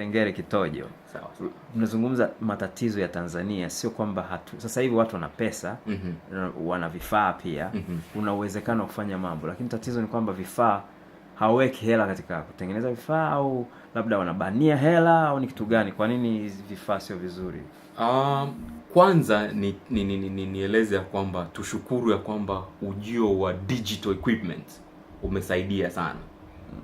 Tengere Kitojo, sawa. Tunazungumza matatizo ya Tanzania, sio kwamba hatu sasa hivi watu wana pesa mm -hmm. wana vifaa pia mm -hmm. una uwezekano wa kufanya mambo, lakini tatizo ni kwamba vifaa hawaweki hela katika kutengeneza vifaa, au labda wanabania hela au ni kitu gani? Kwa nini vifaa sio vizuri? Um, kwanza ni, ni, ni, ni, ni ya kwamba tushukuru ya kwamba ujio wa digital equipment umesaidia sana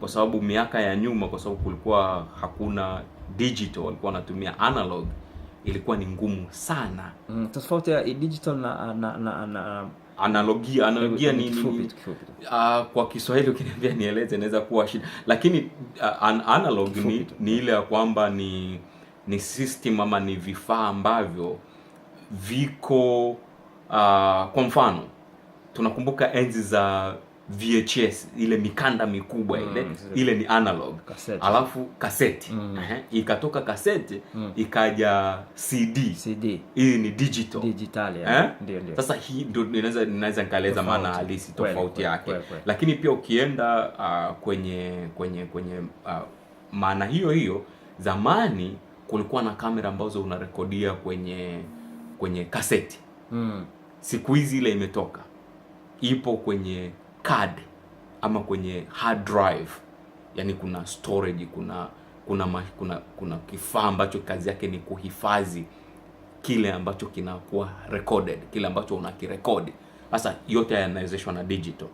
kwa sababu miaka ya nyuma, kwa sababu kulikuwa hakuna digital, walikuwa wanatumia analog, ilikuwa ni ngumu sana. Mm, tofauti ya digital na, na, na, na analogia analogia ni, uh, kwa Kiswahili ukiniambia nieleze inaweza kuwa shida, lakini uh, an analog ni, ni ile ya kwamba ni ni system ama ni vifaa ambavyo viko uh, kwa mfano tunakumbuka enzi za VHS ile mikanda mikubwa ile mm, ile ni analog kaseti. Alafu kaseti mm. uh-huh. Ikatoka kaseti mm. ikaja CD. CD hii ni digital digital, eh? yeah. Ndio, ndio. Sasa hii ndio inaweza inaweza nikaeleza maana halisi tofauti yake, lakini pia ukienda uh, kwenye kwenye kwenye uh, maana hiyo hiyo, zamani kulikuwa na kamera ambazo unarekodia kwenye kwenye kaseti mm. Siku hizi ile imetoka ipo kwenye card ama kwenye hard drive, yani kuna storage, kuna kuna ma, kuna, kuna kifaa ambacho kazi yake ni kuhifadhi kile ambacho kinakuwa recorded, kile ambacho unakirekodi. Sasa yote yanawezeshwa na digital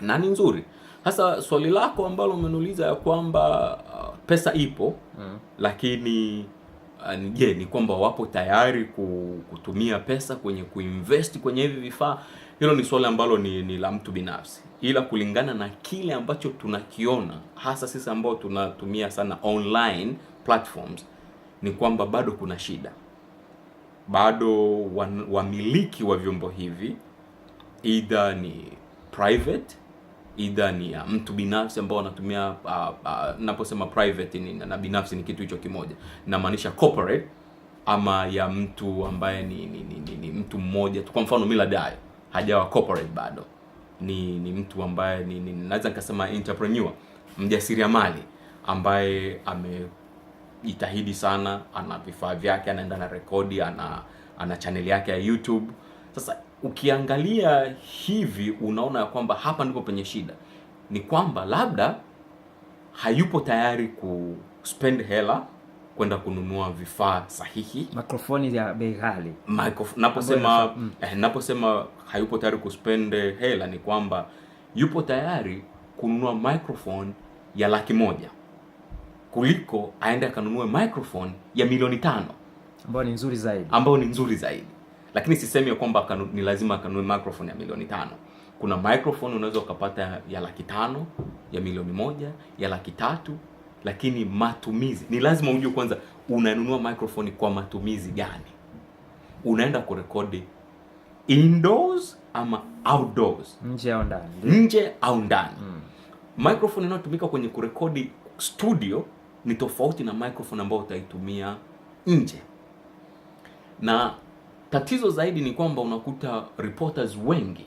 na ni nzuri. Sasa swali lako ambalo umeniuliza ya kwamba uh, pesa ipo mm, lakini je, ni kwamba wapo tayari kutumia pesa kwenye kuinvest kwenye hivi vifaa? Hilo ni swali ambalo ni, ni la mtu binafsi, ila kulingana na kile ambacho tunakiona hasa sisi ambao tunatumia sana online platforms ni kwamba bado kuna shida, bado wamiliki wa vyombo hivi either ni private idha ni ya mtu binafsi ambao anatumia uh, ah, uh, ah, naposema private ni, na binafsi ni kitu hicho kimoja, namaanisha corporate ama ya mtu ambaye ni, ni, ni, ni, ni mtu mmoja Kwa mfano miladayo hajawa corporate bado, ni ni mtu ambaye ni, ni, naweza nikasema entrepreneur, mjasiriamali ambaye amejitahidi sana, ana vifaa vyake, anaenda na rekodi, ana ana chaneli yake ya YouTube sasa ukiangalia hivi unaona ya kwamba hapa ndipo penye shida, ni kwamba labda hayupo tayari ku spend hela kwenda kununua vifaa sahihi, mikrofoni ya bei ghali. Naposema eh, naposema hayupo tayari kuspend hela ni kwamba yupo tayari kununua microphone ya laki moja kuliko aende akanunue microphone ya milioni tano ambayo ni nzuri zaidi, ambayo ni nzuri zaidi lakini sisemi kwamba ni lazima akanunue microphone ya milioni tano. Kuna microphone unaweza ukapata ya laki tano, ya milioni moja, ya laki tatu, lakini matumizi ni lazima ujue kwanza unanunua microphone kwa matumizi gani. Unaenda kurekodi indoors ama outdoors, nje au ndani, nje au ndani. Mm. Microphone inayotumika kwenye kurekodi studio ni tofauti na microphone ambayo utaitumia nje na Tatizo zaidi ni kwamba unakuta reporters wengi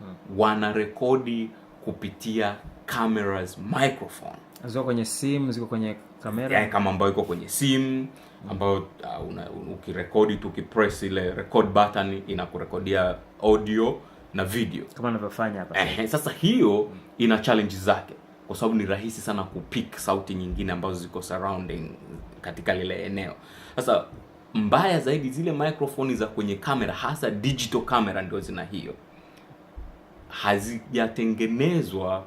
hmm. wanarekodi kupitia cameras microphone, ziko kwenye simu, ziko kwenye kamera yeah, kama ambayo iko kwenye simu hmm. ambayo uh, ukirekodi tu ukipress ile record button inakurekodia audio na video kama anavyofanya hapa eh. Sasa hiyo ina challenge zake, kwa sababu ni rahisi sana kupick sauti nyingine ambazo ziko surrounding katika lile eneo. Sasa mbaya zaidi zile microphone za kwenye kamera, hasa digital camera, ndio zina hiyo, hazijatengenezwa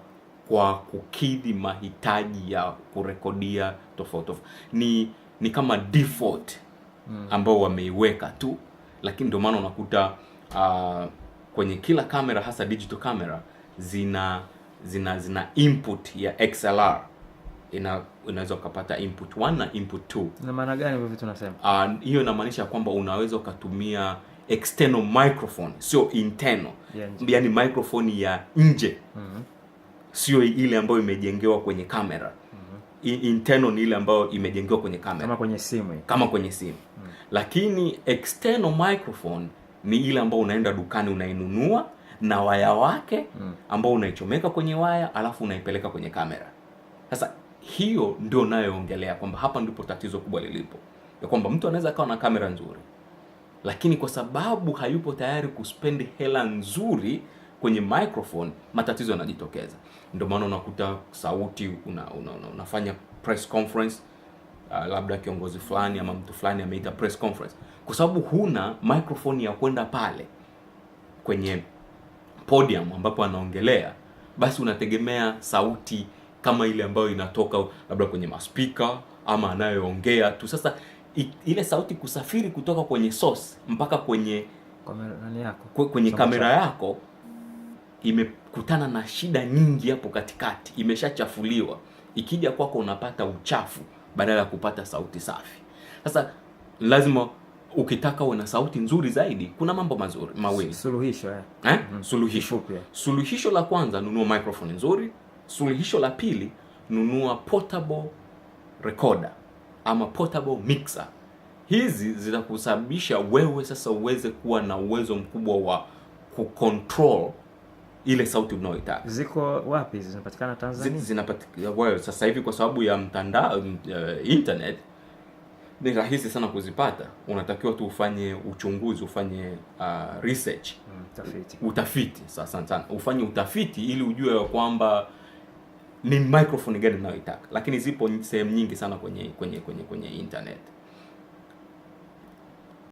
kwa kukidhi mahitaji ya kurekodia tofauti Ni ni kama default hmm. ambao wameiweka tu, lakini ndio maana unakuta uh, kwenye kila kamera hasa digital camera zina zina zina input ya XLR ina, unaweza ukapata input 1 na input 2. Na maana gani hivyo vitu unasema? Uh, hiyo inamaanisha kwamba unaweza ukatumia external microphone sio internal Yeah, yaani microphone ya nje mm -hmm. Sio ile ambayo imejengewa kwenye kamera mm -hmm. Internal ni ile ambayo imejengewa kwenye kamera kama kwenye simu, kama kwenye simu mm -hmm. Lakini external microphone ni ile ambayo unaenda dukani unainunua na waya wake mm. ambao unaichomeka kwenye waya alafu unaipeleka kwenye kamera sasa hiyo ndio nayoongelea kwamba hapa ndipo tatizo kubwa lilipo, ya kwamba mtu anaweza akawa na kamera nzuri, lakini kwa sababu hayupo tayari kuspendi hela nzuri kwenye microphone, matatizo yanajitokeza. Ndio maana unakuta sauti una, una, una, unafanya press conference uh, labda kiongozi fulani ama mtu fulani ameita press conference, kwa sababu huna microphone ya kwenda pale kwenye podium ambapo anaongelea, basi unategemea sauti kama ile ambayo inatoka labda kwenye maspika ama anayoongea tu. Sasa ile sauti kusafiri kutoka kwenye source mpaka kwenye kamera yako, kwenye kamera yako imekutana na shida nyingi hapo katikati, imeshachafuliwa. Ikija kwako unapata uchafu badala ya kupata sauti safi. Sasa lazima ukitaka uwe na sauti nzuri zaidi, kuna mambo mazuri mawili, suluhisho eh, eh? Mm. Suluhisho, suluhisho la kwanza, nunua microphone nzuri Suluhisho la pili, nunua portable recorder ama portable mixer. Hizi zitakusababisha wewe sasa uweze kuwa na uwezo mkubwa wa kucontrol ile sauti unayoitaka. Ziko wapi? Zinapatikana Tanzania? Zinapatikana wewe sasa hivi kwa sababu ya mtandao uh, internet ni rahisi sana kuzipata. Unatakiwa tu ufanye uchunguzi, ufanye uh, research, utafiti. Utafiti sasa sana ufanye utafiti ili ujue kwamba ni microphone gani unayoitaka, lakini zipo sehemu nyingi sana kwenye kwenye kwenye kwenye internet.